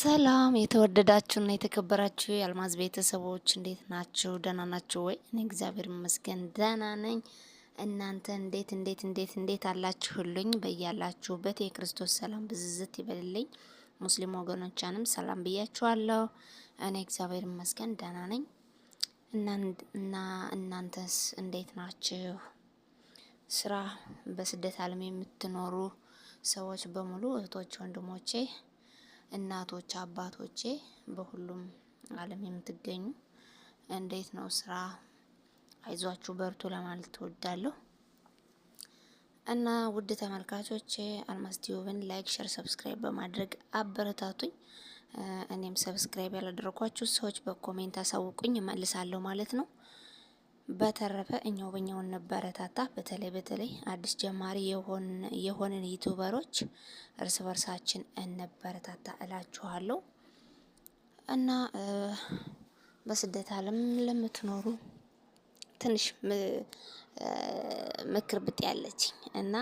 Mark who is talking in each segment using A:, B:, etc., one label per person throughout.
A: ሰላም የተወደዳችሁና የተከበራችሁ የአልማዝ ቤተሰቦች እንዴት ናችሁ? ደህና ናችሁ ወይ? እኔ እግዚአብሔር ይመስገን ደህና ነኝ። እናንተ እንዴት እንዴት እንዴት እንዴት አላችሁልኝ? በያላችሁበት የክርስቶስ ሰላም ብዝዝት ይበልልኝ። ሙስሊም ወገኖቻንም ሰላም ብያችኋለሁ። እኔ እግዚአብሔር ይመስገን ደህና ነኝ እና እናንተስ እንዴት ናችሁ? ስራ በስደት ዓለም የምትኖሩ ሰዎች በሙሉ እህቶች ወንድሞቼ እናቶች አባቶቼ፣ በሁሉም ዓለም የምትገኙ እንዴት ነው ስራ? አይዟችሁ በርቱ ለማለት ትወዳለሁ እና ውድ ተመልካቾቼ አልማዝ ቲዩብን ላይክ፣ ሼር፣ ሰብስክራይብ በማድረግ አበረታቱኝ። እኔም ሰብስክራይብ ያላደረኳችሁ ሰዎች በኮሜንት አሳውቁኝ፣ እመልሳለሁ ማለት ነው። በተረፈ እኛው በእኛው እንበረታታ። በተለይ በተለይ አዲስ ጀማሪ የሆንን ዩቱበሮች እርስ በርሳችን እንበረታታ እላችኋለሁ እና በስደት ዓለም ለምትኖሩ ትንሽ ምክር ብጤ ያለችኝ እና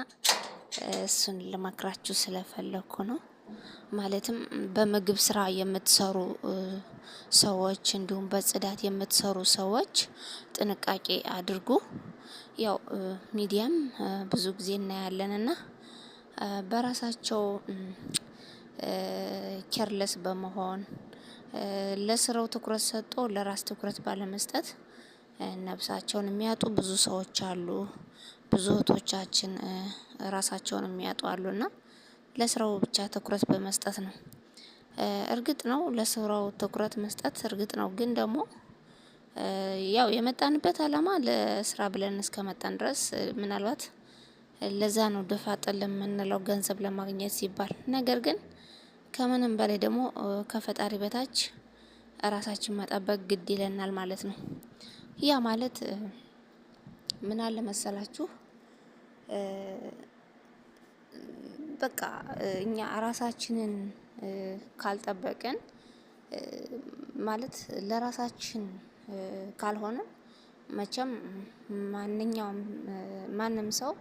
A: እሱን ልመክራችሁ ስለፈለግኩ ነው። ማለትም በምግብ ስራ የምትሰሩ ሰዎች እንዲሁም በጽዳት የምትሰሩ ሰዎች ጥንቃቄ አድርጉ። ያው ሚዲያም ብዙ ጊዜ እናያለንና በራሳቸው ኬርለስ በመሆን ለስራው ትኩረት ሰጥቶ ለራስ ትኩረት ባለመስጠት ነብሳቸውን የሚያጡ ብዙ ሰዎች አሉ። ብዙ እህቶቻችን ራሳቸውን የሚያጡ አሉና ለስራው ብቻ ትኩረት በመስጠት ነው። እርግጥ ነው ለስራው ትኩረት መስጠት እርግጥ ነው፣ ግን ደግሞ ያው የመጣንበት አላማ ለስራ ብለን እስከመጣን ድረስ ምናልባት ለዛ ነው ድፋ ጥል የምንለው ገንዘብ ለማግኘት ሲባል። ነገር ግን ከምንም በላይ ደግሞ ከፈጣሪ በታች እራሳችን መጠበቅ ግድ ይለናል ማለት ነው። ያ ማለት ምን አለ መሰላችሁ በቃ እኛ ራሳችንን ካልጠበቅን ማለት ለራሳችን ካልሆነ መቼም ማንኛውም ማንም ሰው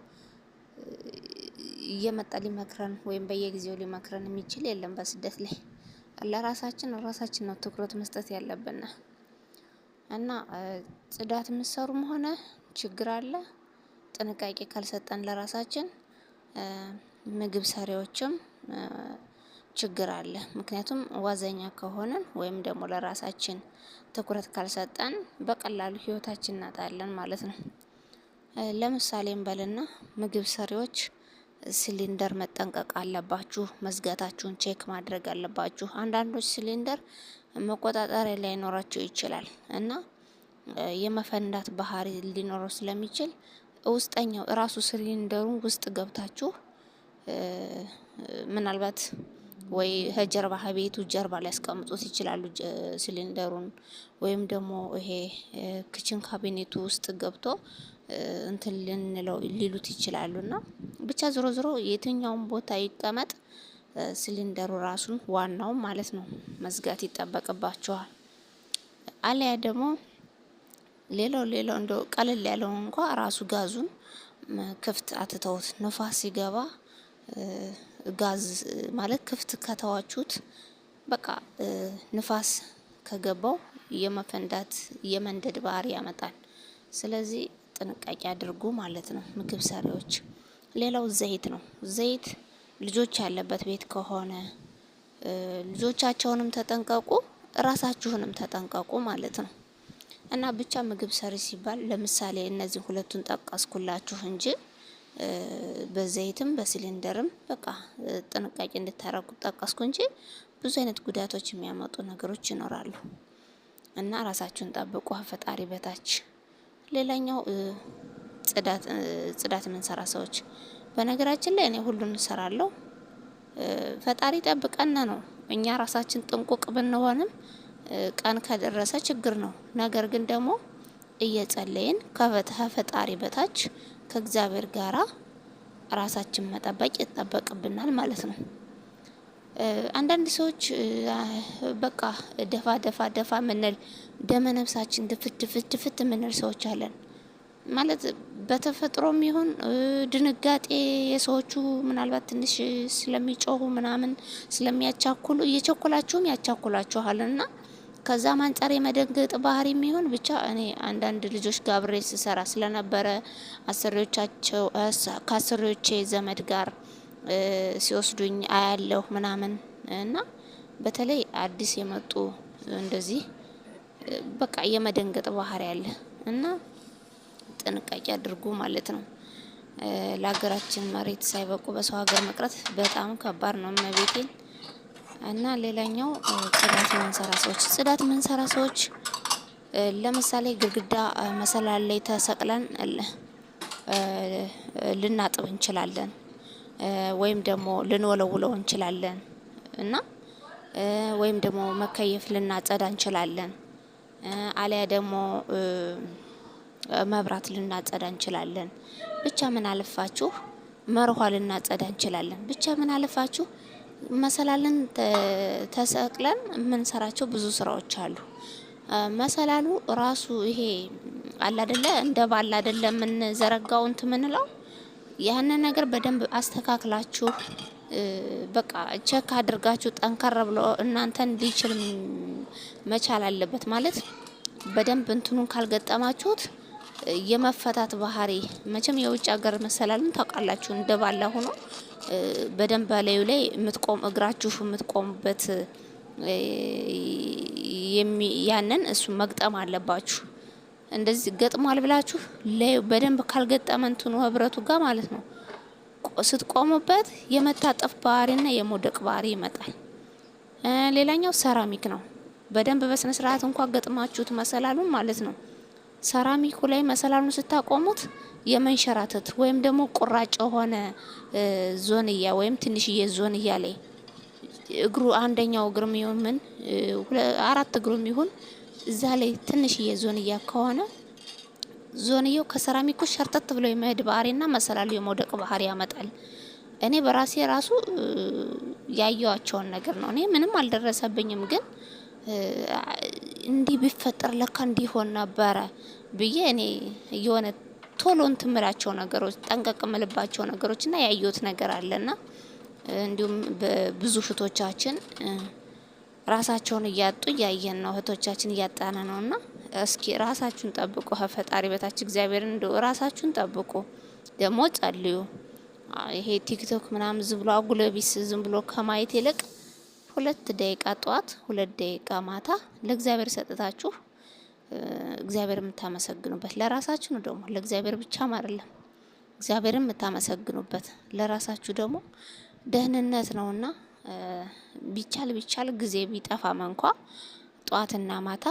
A: እየመጣ ሊመክረን ወይም በየጊዜው ሊመክረን የሚችል የለም። በስደት ላይ ለራሳችን ራሳችን ነው ትኩረት መስጠት ያለብን እና ጽዳት የምትሰሩም ሆነ ችግር አለ ጥንቃቄ ካልሰጠን ለራሳችን ምግብ ሰሪዎችም ችግር አለ። ምክንያቱም ዋዘኛ ከሆነን ወይም ደግሞ ለራሳችን ትኩረት ካልሰጠን በቀላሉ ህይወታችን እናጣለን ማለት ነው። ለምሳሌ በልና ምግብ ሰሪዎች ሲሊንደር መጠንቀቅ አለባችሁ፣ መዝጋታችሁን ቼክ ማድረግ አለባችሁ። አንዳንዶች ሲሊንደር መቆጣጠሪያ ላይኖራቸው ይችላል እና የመፈንዳት ባህሪ ሊኖረው ስለሚችል ውስጠኛው እራሱ ሲሊንደሩን ውስጥ ገብታችሁ ምናልባት ወይ ከጀርባ ከቤቱ ጀርባ ሊያስቀምጡት ይችላሉ ሲሊንደሩን ወይም ደግሞ ይሄ ክችን ካቢኔቱ ውስጥ ገብቶ እንትን ልንለው ሊሉት ይችላሉ። እና ብቻ ዞሮ ዞሮ የትኛውን ቦታ ይቀመጥ ሲሊንደሩ ራሱን ዋናው ማለት ነው መዝጋት ይጠበቅባችኋል። አለያ ደግሞ ሌላው ሌላው እንደው ቀለል ያለው እንኳ ራሱ ጋዙን ክፍት አትተውት። ንፋስ ሲገባ ጋዝ ማለት ክፍት ከተዋችሁት በቃ ንፋስ ከገባው የመፈንዳት የመንደድ ባህሪ ያመጣል። ስለዚህ ጥንቃቄ አድርጉ ማለት ነው ምግብ ሰሪዎች። ሌላው ዘይት ነው። ዘይት ልጆች ያለበት ቤት ከሆነ ልጆቻቸውንም ተጠንቀቁ፣ እራሳችሁንም ተጠንቀቁ ማለት ነው። እና ብቻ ምግብ ሰሪ ሲባል ለምሳሌ እነዚህ ሁለቱን ጠቀስኩላችሁ እንጂ በዘይትም በሲሊንደርም በቃ ጥንቃቄ እንድታረጉ ጠቀስኩ እንጂ ብዙ አይነት ጉዳቶች የሚያመጡ ነገሮች ይኖራሉ እና ራሳችሁን ጠብቁ ፈጣሪ በታች። ሌላኛው ጽዳት የምንሰራ ሰዎች፣ በነገራችን ላይ እኔ ሁሉን እንሰራለሁ። ፈጣሪ ጠብቀን ነው እኛ ራሳችን ጥንቁቅ ብንሆንም ቀን ከደረሰ ችግር ነው። ነገር ግን ደግሞ እየጸለይን ከፈትሀ ፈጣሪ በታች ከእግዚአብሔር ጋራ ራሳችን መጠበቅ ይጠበቅብናል ማለት ነው። አንዳንድ ሰዎች በቃ ደፋ ደፋ ደፋ ምንል ደመነፍሳችን ድፍት ድፍት ድፍት ምንል ሰዎች አለን ማለት በተፈጥሮም ይሁን ድንጋጤ የሰዎቹ ምናልባት ትንሽ ስለሚጮሁ ምናምን ስለሚያቻኩሉ እየቸኮላችሁም ያቻኩላችኋልና ከዛም አንጻር የመደንገጥ ባህሪ የሚሆን ብቻ እኔ አንዳንድ ልጆች ጋብሬ ስሰራ ስለነበረ አሰሪዎቻቸው ከአሰሪዎቼ ዘመድ ጋር ሲወስዱኝ አያለሁ ምናምን እና በተለይ አዲስ የመጡ እንደዚህ በቃ የመደንገጥ ባህሪ አለ እና ጥንቃቄ አድርጉ ማለት ነው። ለሀገራችን መሬት ሳይበቁ በሰው ሀገር መቅረት በጣም ከባድ ነው። እመቤቴን እና ሌላኛው ጽዳት ምንሰራ ሰዎች ጽዳት ምንሰራ ሰዎች ለምሳሌ ግድግዳ መሰላል ላይ ተሰቅለን ልናጥብ እንችላለን፣ ወይም ደግሞ ልንወለውለው እንችላለን እና ወይም ደግሞ መከየፍ ልናጸዳ እንችላለን። አሊያ ደግሞ መብራት ልናጸዳ እንችላለን። ብቻ ምን አለፋችሁ መርኋ ልናጸዳ እንችላለን። ብቻ ምን አለፋችሁ መሰላልን ተሰቅለን የምንሰራቸው ብዙ ስራዎች አሉ። መሰላሉ ራሱ ይሄ አላደለ እንደ ባል አደለ የምንዘረጋው እንትን ምንለው ያንን ነገር በደንብ አስተካክላችሁ በቃ ቸክ አድርጋችሁ ጠንከር ብሎ እናንተን ሊችል መቻል አለበት ማለት በደንብ እንትኑን ካልገጠማችሁት የመፈታት ባህሪ መቼም የውጭ ሀገር መሰላልን ታውቃላችሁ። እንደባላ ሆኖ በደንብ በላዩ ላይ የምትቆም እግራችሁ የምትቆሙበት ያንን እሱ መግጠም አለባችሁ። እንደዚህ ገጥሟል ብላችሁ ላዩ በደንብ ካልገጠመንትኑ ህብረቱ ጋር ማለት ነው ስትቆሙበት የመታጠፍ ባህሪና የመውደቅ ባህሪ ይመጣል። ሌላኛው ሰራሚክ ነው። በደንብ በስነ ስርዓት እንኳን ገጥማችሁት መሰላሉን ማለት ነው ሰራሚኩ ላይ መሰላሉን ስታቆሙት የመንሸራተት ወይም ደግሞ ቁራጭ የሆነ ዞንያ ወይም ትንሽዬ ዞንያ ላይ እግሩ አንደኛው እግርም ይሁን ምን አራት እግሩም ይሁን እዛ ላይ ትንሽዬ ዞንያ ከሆነ ዞንያው ከሰራሚኩ ሸርተት ብሎ የመሄድ ባህሪና መሰላሉ የመውደቅ ባህሪ ያመጣል። እኔ በራሴ ራሱ ያየዋቸውን ነገር ነው። እኔ ምንም አልደረሰብኝም ግን እንዲህ ቢፈጠር ለካ እንዲሆን ነበረ ብዬ እኔ የሆነ ቶሎ እንትን ምላቸው ነገሮች ጠንቀቅ ምልባቸው ነገሮች እና ያየሁት ነገር አለና እንዲሁም ብዙ እህቶቻችን ራሳቸውን እያጡ እያየን ነው። እህቶቻችን እያጣነ ነው እና እስኪ ራሳችሁን ጠብቁ። ፈጣሪ በታች እግዚአብሔርን እንዲ ራሳችሁን ጠብቁ፣ ደግሞ ጸልዩ። ይሄ ቲክቶክ ምናምን ዝም ብሎ አጉለቢስ ዝም ብሎ ከማየት ይልቅ ሁለት ደቂቃ ጠዋት፣ ሁለት ደቂቃ ማታ ለእግዚአብሔር ሰጥታችሁ እግዚአብሔር የምታመሰግኑበት ለራሳችሁ ነው። ደግሞ ለእግዚአብሔር ብቻም አይደለም እግዚአብሔርን የምታመሰግኑበት ለራሳችሁ ደግሞ ደህንነት ነውና ቢቻል ቢቻል ጊዜ ቢጠፋም እንኳ ጠዋትና ማታ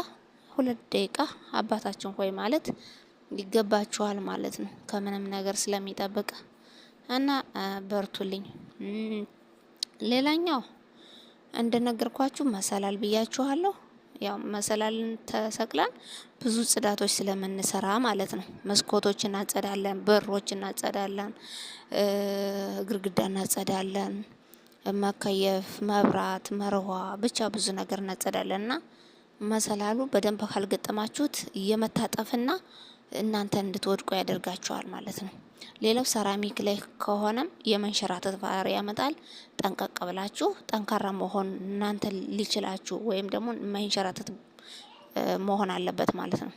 A: ሁለት ደቂቃ አባታችን ሆይ ማለት ይገባችኋል ማለት ነው። ከምንም ነገር ስለሚጠብቅ እና በርቱልኝ። ሌላኛው እንደነገርኳችሁ መሰላል ብያችኋለሁ። ያው መሰላልን ተሰቅለን ብዙ ጽዳቶች ስለምንሰራ ማለት ነው። መስኮቶች እናጸዳለን፣ በሮች እናጸዳለን፣ ግርግዳ እናጸዳለን፣ መከየፍ፣ መብራት፣ መርዋ ብቻ ብዙ ነገር እናጸዳለን እና መሰላሉ በደንብ ካልገጠማችሁት እየመታጠፍና እናንተ እንድትወድቁ ያደርጋችኋል ማለት ነው። ሌላው ሰራሚክ ላይ ከሆነም የመንሸራተት ባህሪ ያመጣል። ጠንቀቅ ብላችሁ ጠንካራ መሆን እናንተ ሊችላችሁ ወይም ደግሞ መንሸራተት መሆን አለበት ማለት ነው።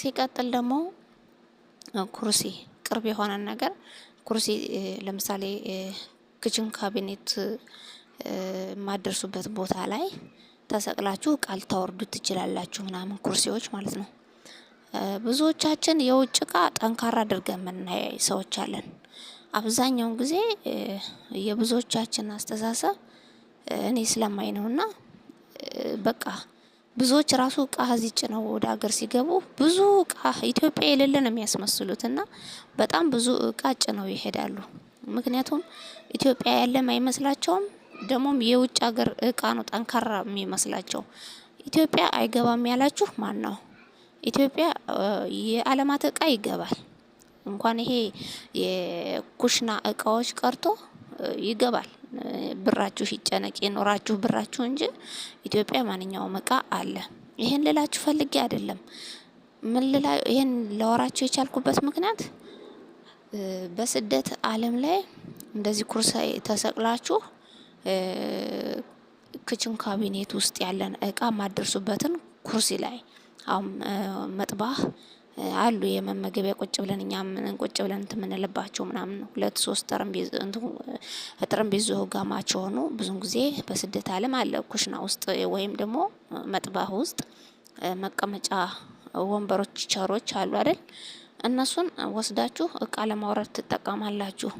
A: ሲቀጥል ደግሞ ኩርሲ ቅርብ የሆነ ነገር ኩርሲ ለምሳሌ ክችን ካቢኔት የማደርሱበት ቦታ ላይ ተሰቅላችሁ ቃል ታወርዱ ትችላላችሁ ምናምን ኩርሲዎች ማለት ነው። ብዙዎቻችን የውጭ እቃ ጠንካራ አድርገን የምናይ ሰዎች አለን። አብዛኛውን ጊዜ የብዙዎቻችን አስተሳሰብ እኔ ስለማይ ና በቃ ብዙዎች ራሱ እቃ እዚህ ጭነው ወደ ሀገር ሲገቡ ብዙ እቃ ኢትዮጵያ የሌለ ነው የሚያስመስሉት እና በጣም ብዙ እቃ ጭነው ይሄዳሉ። ምክንያቱም ኢትዮጵያ ያለም አይመስላቸውም ደግሞም የውጭ ሀገር እቃ ነው ጠንካራ የሚመስላቸው። ኢትዮጵያ አይገባም ያላችሁ ነው? ኢትዮጵያ የአለማት እቃ ይገባል። እንኳን ይሄ የኩሽና እቃዎች ቀርቶ ይገባል። ብራችሁ ሲጨነቅ የኖራችሁ ብራችሁ እንጂ ኢትዮጵያ ማንኛውም እቃ አለ። ይሄን ልላችሁ ፈልጌ አይደለም። ምን ልላ ይሄን ለወራችሁ የቻልኩበት ምክንያት በስደት ዓለም ላይ እንደዚህ ኩርሳይ ተሰቅላችሁ ክችን ካቢኔት ውስጥ ያለን እቃ ማደርሱበትን ኩርሲ ላይ መጥባህ አሉ የመመገቢያ ቁጭ ብለን እኛም ቁጭ ብለን እንትን ምናምን ሁለት ሶስት ጠረጴዛው ጋማች የሆኑ ብዙ ጊዜ በስደት ዓለም አለ። ኩሽና ውስጥ ወይም ደግሞ መጥባህ ውስጥ መቀመጫ ወንበሮች ቸሮች አሉ አይደል? እነሱን ወስዳችሁ እቃ ለማውረድ ትጠቀማላችሁ።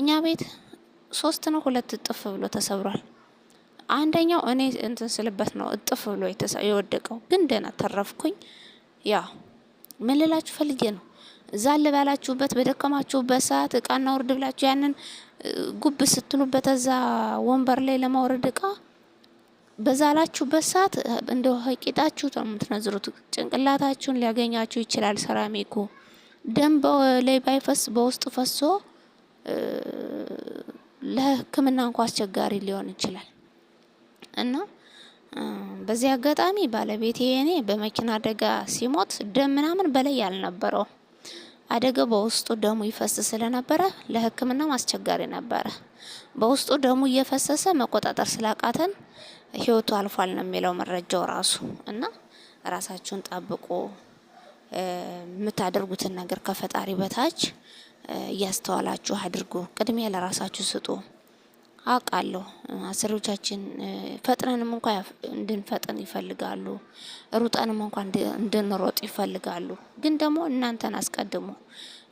A: እኛ ቤት ሶስት ነው ሁለት ጥፍ ብሎ ተሰብሯል። አንደኛው እኔ እንትን ስልበት ነው እጥፍ ብሎ የወደቀው፣ ግን ደህና ተረፍኩኝ። ያ ምን ልላችሁ ፈልጌ ነው እዛ ባላችሁበት በደከማችሁበት ሰዓት እቃና ውርድ ብላችሁ ያንን ጉብ ስትሉበት እዛ ወንበር ላይ ለማውረድ እቃ በዛላችሁበት ሰዓት እንደ ቂጣችሁ ምትነዝሩት የምትነዝሩት። ጭንቅላታችሁን ሊያገኛችሁ ይችላል። ሰራሚኩ ደም ላይ ባይፈስ በውስጥ ፈሶ ለሕክምና እንኳ አስቸጋሪ ሊሆን ይችላል። እና በዚህ አጋጣሚ ባለቤቴ እኔ በመኪና አደጋ ሲሞት ደም ምናምን በላይ ያልነበረው አደጋው በውስጡ ደሙ ይፈስ ስለነበረ ለሕክምናም አስቸጋሪ ነበረ። በውስጡ ደሙ እየፈሰሰ መቆጣጠር ስላቃተን ህይወቱ አልፏል ነው የሚለው መረጃው ራሱ። እና ራሳችሁን ጠብቁ። የምታደርጉትን ነገር ከፈጣሪ በታች እያስተዋላችሁ አድርጉ። ቅድሚያ ለራሳችሁ ስጡ። አውቃለሁ። አሰሪዎቻችን ፈጥነንም እንኳ እንድንፈጥን ይፈልጋሉ፣ ሩጠንም እንኳ እንድንሮጥ ይፈልጋሉ። ግን ደግሞ እናንተን አስቀድሙ።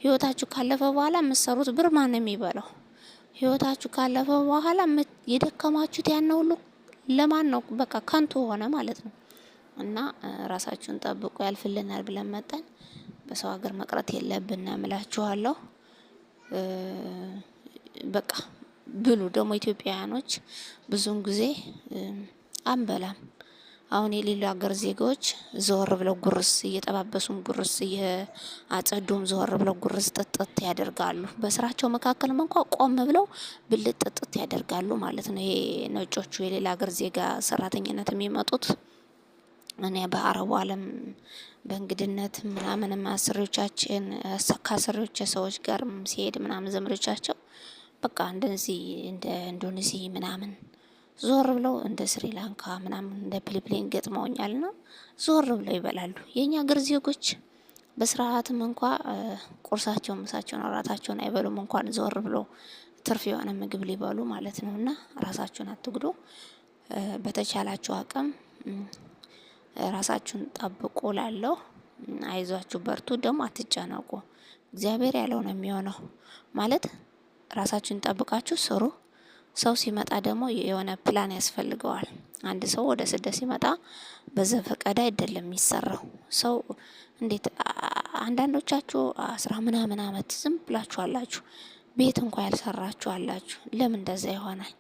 A: ህይወታችሁ ካለፈ በኋላ የምትሰሩት ብር ማን የሚበላው? ህይወታችሁ ካለፈ በኋላ የደከማችሁት ያን ሁሉ ለማን ነው? በቃ ከንቱ ሆነ ማለት ነው። እና ራሳችሁን ጠብቁ፣ ያልፍልናል ብለን መጠን በሰው ሀገር መቅረት የለብን እላችኋለሁ። በቃ ብሉ። ደግሞ ኢትዮጵያውያኖች ብዙውን ጊዜ አንበላም። አሁን የሌሉ ሀገር ዜጋዎች ዘወር ብለው ጉርስ እየጠባበሱም ጉርስ እየአጸዱም ዘወር ብለው ጉርስ ጥጥት ያደርጋሉ። በስራቸው መካከልም እንኳ ቆም ብለው ብል ጥጥት ያደርጋሉ ማለት ነው። ይሄ ነጮቹ የሌላ ሀገር ዜጋ ሰራተኝነት የሚመጡት እኔ በአረቡ ዓለም በእንግድነት ምናምን አስሪዎቻችን ከአስሪዎች ሰዎች ጋር ሲሄድ ምናምን ዘመዶቻቸው በቃ እንደዚህ እንደ ኢንዶኔዚህ ምናምን ዞር ብለው እንደ ስሪላንካ ምናምን እንደ ገጥመውኛል ገጥመውኛልና ዞር ብለው ይበላሉ። የእኛ አገር ዜጎች በስርዓትም እንኳ ቁርሳቸውን፣ ምሳቸውን፣ እራታቸውን አይበሉም እንኳን ዞር ብለው ትርፍ የሆነ ምግብ ሊበሉ ማለት ነው። እና ራሳችሁን አትጉዱ። በተቻላችሁ አቅም ራሳችሁን ጠብቁ። ላለው አይዟችሁ፣ በርቱ። ደግሞ አትጨነቁ። እግዚአብሔር ያለው ነው የሚሆነው ማለት ራሳችሁን ጠብቃችሁ ስሩ። ሰው ሲመጣ ደግሞ የሆነ ፕላን ያስፈልገዋል። አንድ ሰው ወደ ስደት ሲመጣ በዘፈቀደ አይደለም የሚሰራው። ሰው እንዴት አንዳንዶቻችሁ አስራ ምናምን አመት ዝም ብላችሁ አላችሁ፣ ቤት እንኳ ያልሰራችሁ አላችሁ። ለምን እንደዛ ይሆናል?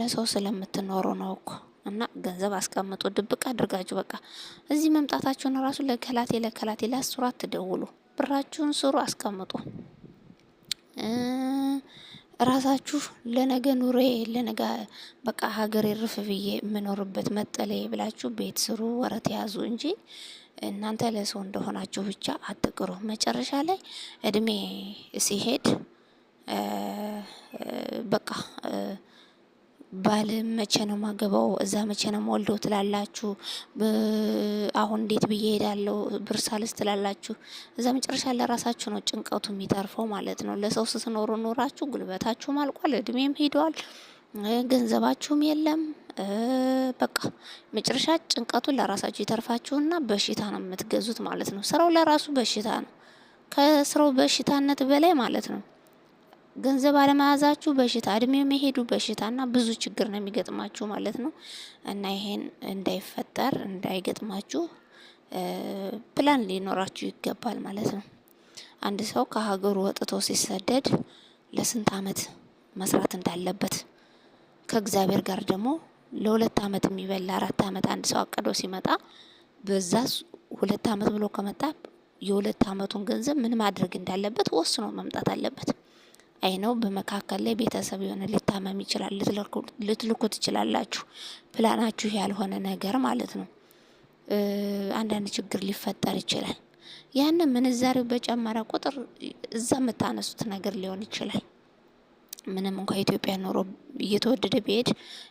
A: ለሰው ስለምትኖሩ ነው እኮ። እና ገንዘብ አስቀምጦ ድብቅ አድርጋችሁ በቃ እዚህ መምጣታችሁን ራሱ ለከላቴ ለከላቴ ላስሩ፣ አትደውሉ፣ ብራችሁን ስሩ፣ አስቀምጡ። ራሳችሁ ለነገ ኑሬ ለነገ በቃ ሀገር ርፍ ብዬ የምኖርበት መጠለያ ብላችሁ ቤት ስሩ፣ ወረት ያዙ እንጂ እናንተ ለሰው እንደሆናችሁ ብቻ አትቅሩ። መጨረሻ ላይ እድሜ ሲሄድ በቃ ባል መቼ ነው ማገባው? እዛ መቼ ነው ወልደው ትላላችሁ። አሁን እንዴት ብዬ ሄዳለሁ ብር ሳልስ ትላላችሁ። እዛ መጨረሻ ለራሳችሁ ነው ጭንቀቱ የሚተርፈው ማለት ነው። ለሰው ስትኖሩ ኖራችሁ ጉልበታችሁም አልቋል፣ እድሜም ሄደዋል፣ ገንዘባችሁም የለም። በቃ መጨረሻ ጭንቀቱ ለራሳችሁ ይተርፋችሁና በሽታ ነው የምትገዙት ማለት ነው። ስራው ለራሱ በሽታ ነው፣ ከስራው በሽታነት በላይ ማለት ነው። ገንዘብ አለመያዛችሁ በሽታ፣ እድሜው መሄዱ በሽታና ብዙ ችግር ነው የሚገጥማችሁ ማለት ነው። እና ይሄን እንዳይፈጠር እንዳይገጥማችሁ ፕላን ሊኖራችሁ ይገባል ማለት ነው። አንድ ሰው ከሀገሩ ወጥቶ ሲሰደድ ለስንት አመት መስራት እንዳለበት ከእግዚአብሔር ጋር ደግሞ ለሁለት አመት የሚበላ አራት አመት አንድ ሰው አቅዶ ሲመጣ በዛ ሁለት አመት ብሎ ከመጣ የሁለት አመቱን ገንዘብ ምን ማድረግ እንዳለበት ወስኖ መምጣት አለበት። አይ ነው በመካከል ላይ ቤተሰብ የሆነ ሊታመም ይችላል፣ ልትልኩ ትችላላችሁ። ፕላናችሁ ያልሆነ ነገር ማለት ነው። አንዳንድ ችግር ሊፈጠር ይችላል። ያንን ምንዛሬው በጨመረ ቁጥር እዛ የምታነሱት ነገር ሊሆን ይችላል። ምንም እንኳ ኢትዮጵያ ኑሮ እየተወደደ ቢሄድ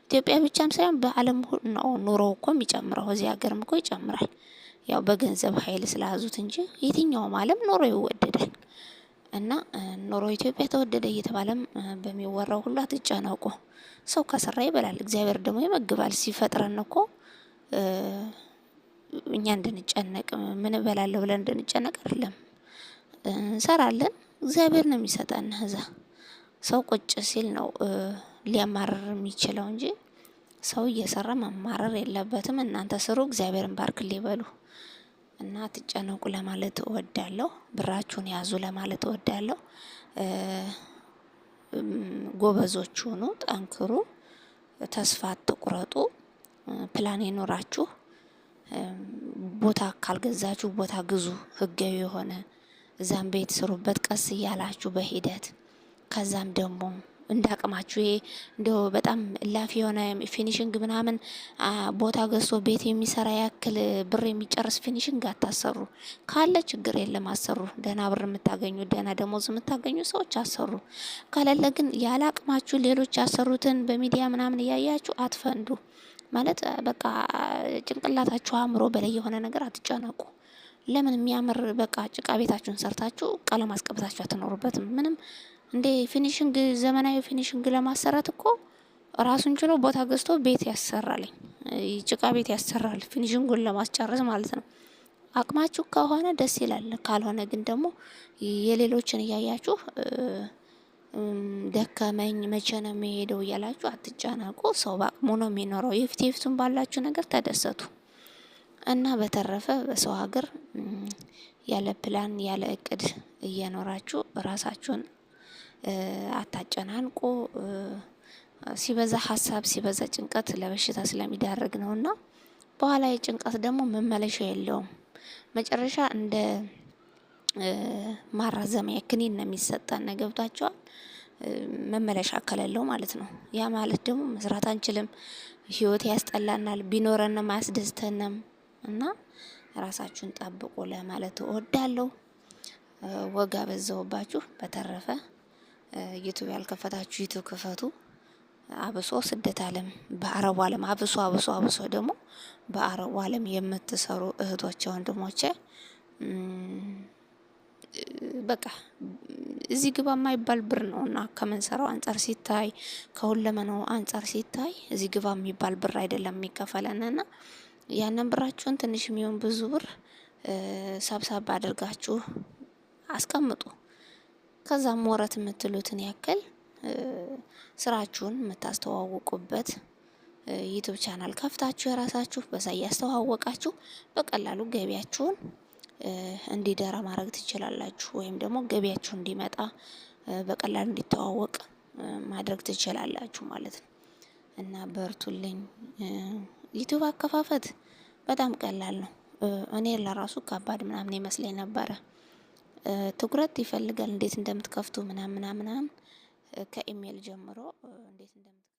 A: ኢትዮጵያ ብቻም ሳይሆን በዓለም ነው ኑሮ እኮ የሚጨምረው። እዚህ ሀገርም እኮ ይጨምራል። ያው በገንዘብ ኃይል ስለያዙት እንጂ የትኛውም ዓለም ኑሮ ይወደዳል። እና ኑሮ ኢትዮጵያ ተወደደ እየተባለም በሚወራው ሁሉ አትጨነቁ። ሰው ከሰራ ይበላል፣ እግዚአብሔር ደግሞ ይመግባል። ሲፈጥረን እኮ እኛ እንድንጨነቅ ምን እበላለሁ ብለን እንድንጨነቅ አይደለም። እንሰራለን፣ እግዚአብሔር ነው የሚሰጠን። እዛ ሰው ቁጭ ሲል ነው ሊያማርር የሚችለው እንጂ ሰው እየሰራ ማማረር የለበትም። እናንተ ስሩ፣ እግዚአብሔርን ባርክ ሊበሉ እና ትጨነቁ ለማለት እወዳለሁ። ብራችሁን ያዙ ለማለት እወዳለሁ። ጎበዞች ሁኑ፣ ጠንክሩ፣ ተስፋ አትቁረጡ። ፕላን ይኖራችሁ። ቦታ ካልገዛችሁ ቦታ ግዙ፣ ህጋዊ የሆነ እዛም ቤት ስሩበት፣ ቀስ እያላችሁ በሂደት ከዛም ደግሞ እንደ አቅማችሁ ይሄ እንደው በጣም ላፊ የሆነ ፊኒሽንግ ምናምን ቦታ ገዝቶ ቤት የሚሰራ ያክል ብር የሚጨርስ ፊኒሽንግ አታሰሩ። ካለ ችግር የለም አሰሩ። ደህና ብር የምታገኙ ደህና ደሞዝ የምታገኙ ሰዎች አሰሩ። ካለለ ግን ያለ አቅማችሁ ሌሎች ያሰሩትን በሚዲያ ምናምን እያያችሁ አትፈንዱ። ማለት በቃ ጭንቅላታችሁ አእምሮ በላይ የሆነ ነገር አትጨነቁ። ለምን የሚያምር በቃ ጭቃ ቤታችሁን ሰርታችሁ ቀለም አስቀብታችሁ አትኖሩበትም ምንም እንዴ ፊኒሽንግ ዘመናዊ ፊኒሽንግ ለማሰራት እኮ ራሱን ችሎ ቦታ ገዝቶ ቤት ያሰራልኝ ጭቃ ቤት ያሰራል። ፊኒሽንጉን ለማስጨረስ ማለት ነው። አቅማችሁ ከሆነ ደስ ይላል። ካልሆነ ግን ደግሞ የሌሎችን እያያችሁ ደከመኝ መቼ ነው የሚሄደው እያላችሁ አትጨነቁ። ሰው በአቅሙ ነው የሚኖረው። የፊት የፊቱን ባላችሁ ነገር ተደሰቱ እና በተረፈ በሰው ሀገር ያለ ፕላን ያለ እቅድ እየኖራችሁ ራሳችሁን አንቆ ሲበዛ ሀሳብ ሲበዛ ጭንቀት ለበሽታ ስለሚዳረግ ነው እና በኋላ የጭንቀት ደግሞ መመለሻ የለውም። መጨረሻ እንደ ማራዘሚያ ክኒን ነው የሚሰጠን። ገብቷቸዋል። መመለሻ ከሌለው ማለት ነው። ያ ማለት ደግሞ መስራት አንችልም፣ ህይወት ያስጠላናል፣ ቢኖረንም አያስደስተንም እና ራሳችሁን ጠብቁ ለማለት እወዳለሁ። ወጋ አበዛሁባችሁ። በተረፈ ዩቱብ ያልከፈታችሁ ዩቱብ ክፈቱ። አብሶ ስደት ዓለም በአረቡ ዓለም አብሶ አብሶ አብሶ ደግሞ በአረቡ ዓለም የምትሰሩ እህቶች ወንድሞቼ በቃ እዚህ ግባ የማይባል ብር ነው እና ከምንሰራው አንጻር ሲታይ ከሁለመናው አንጻር ሲታይ እዚህ ግባ የሚባል ብር አይደለም የሚከፈለን እና ያንን ብራችሁን ትንሽ የሚሆን ብዙ ብር ሰብሰብ አድርጋችሁ አስቀምጡ። ከዛም ወረት የምትሉትን ያክል ስራችሁን የምታስተዋውቁበት ዩቱብ ቻናል ከፍታችሁ የራሳችሁ በዛ እያስተዋወቃችሁ በቀላሉ ገቢያችሁን እንዲደራ ማድረግ ትችላላችሁ። ወይም ደግሞ ገቢያችሁ እንዲመጣ በቀላሉ እንዲተዋወቅ ማድረግ ትችላላችሁ ማለት ነው። እና በርቱልኝ። ዩቱብ አከፋፈት በጣም ቀላል ነው። እኔ ለራሱ ከባድ ምናምን ይመስለኝ ነበረ። ትኩረት ይፈልጋል። እንዴት እንደምትከፍቱ ምናምን ምናምን ከኢሜል ጀምሮ እንዴት እንደምት